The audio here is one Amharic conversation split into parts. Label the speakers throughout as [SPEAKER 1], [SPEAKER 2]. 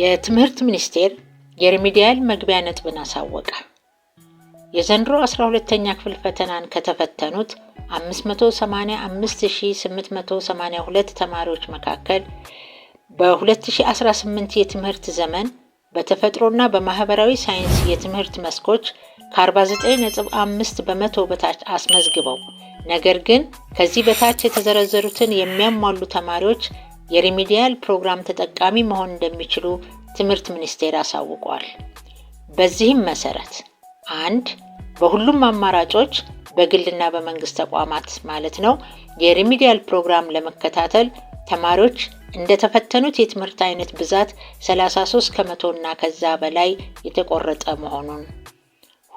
[SPEAKER 1] የትምህርት ሚኒስቴር የሪሚዲያል መግቢያ ነጥብን አሳወቀ። የዘንድሮ 12ተኛ ክፍል ፈተናን ከተፈተኑት 585882 ተማሪዎች መካከል በ2018 የትምህርት ዘመን በተፈጥሮና በማህበራዊ ሳይንስ የትምህርት መስኮች ከ49.5 በመቶ በታች አስመዝግበው ነገር ግን ከዚህ በታች የተዘረዘሩትን የሚያሟሉ ተማሪዎች የሪሚዲያል ፕሮግራም ተጠቃሚ መሆን እንደሚችሉ ትምህርት ሚኒስቴር አሳውቋል። በዚህም መሰረት አንድ በሁሉም አማራጮች በግልና በመንግስት ተቋማት ማለት ነው የሪሚዲያል ፕሮግራም ለመከታተል ተማሪዎች እንደተፈተኑት የትምህርት አይነት ብዛት 33 እና ከዛ በላይ የተቆረጠ መሆኑን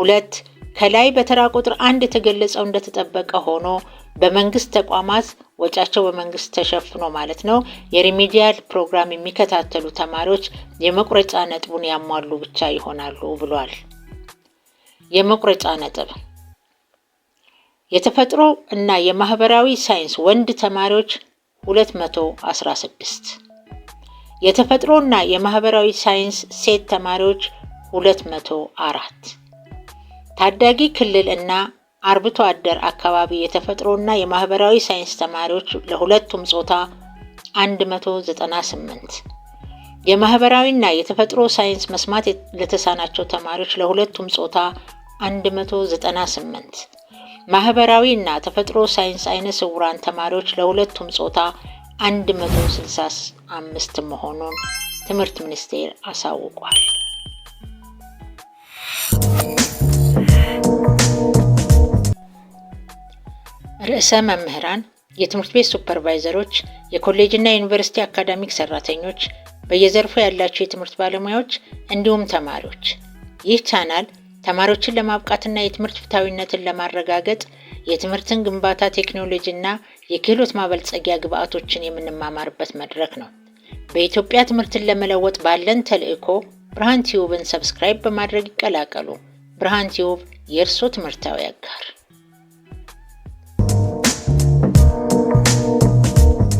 [SPEAKER 1] ሁለት ከላይ በተራ ቁጥር አንድ የተገለጸው እንደተጠበቀ ሆኖ በመንግስት ተቋማት ወጫቸው በመንግስት ተሸፍኖ ማለት ነው የሪሚዲያል ፕሮግራም የሚከታተሉ ተማሪዎች የመቁረጫ ነጥቡን ያሟሉ ብቻ ይሆናሉ ብሏል። የመቁረጫ ነጥብ የተፈጥሮ እና የማህበራዊ ሳይንስ ወንድ ተማሪዎች 216 የተፈጥሮ እና የማህበራዊ ሳይንስ ሴት ተማሪዎች 204 ታዳጊ ክልል እና አርብቶ አደር አካባቢ የተፈጥሮና የማህበራዊ ሳይንስ ተማሪዎች ለሁለቱም ጾታ 198 የማህበራዊና የተፈጥሮ ሳይንስ መስማት ለተሳናቸው ተማሪዎች ለሁለቱም ጾታ 198 ማህበራዊ እና ተፈጥሮ ሳይንስ አይነ ስውራን ተማሪዎች ለሁለቱም ጾታ 165 መሆኑን ትምህርት ሚኒስቴር አሳውቋል። ርዕሰ መምህራን፣ የትምህርት ቤት ሱፐርቫይዘሮች፣ የኮሌጅና ዩኒቨርሲቲ አካዳሚክ ሰራተኞች፣ በየዘርፉ ያላቸው የትምህርት ባለሙያዎች እንዲሁም ተማሪዎች። ይህ ቻናል ተማሪዎችን ለማብቃትና የትምህርት ፍታዊነትን ለማረጋገጥ የትምህርትን ግንባታ ቴክኖሎጂና የክህሎት ማበልጸጊያ ግብዓቶችን የምንማማርበት መድረክ ነው። በኢትዮጵያ ትምህርትን ለመለወጥ ባለን ተልዕኮ ብርሃን ቲዩብን ሰብስክራይብ በማድረግ ይቀላቀሉ። ብርሃን ቲዩብ የእርስዎ ትምህርታዊ አጋር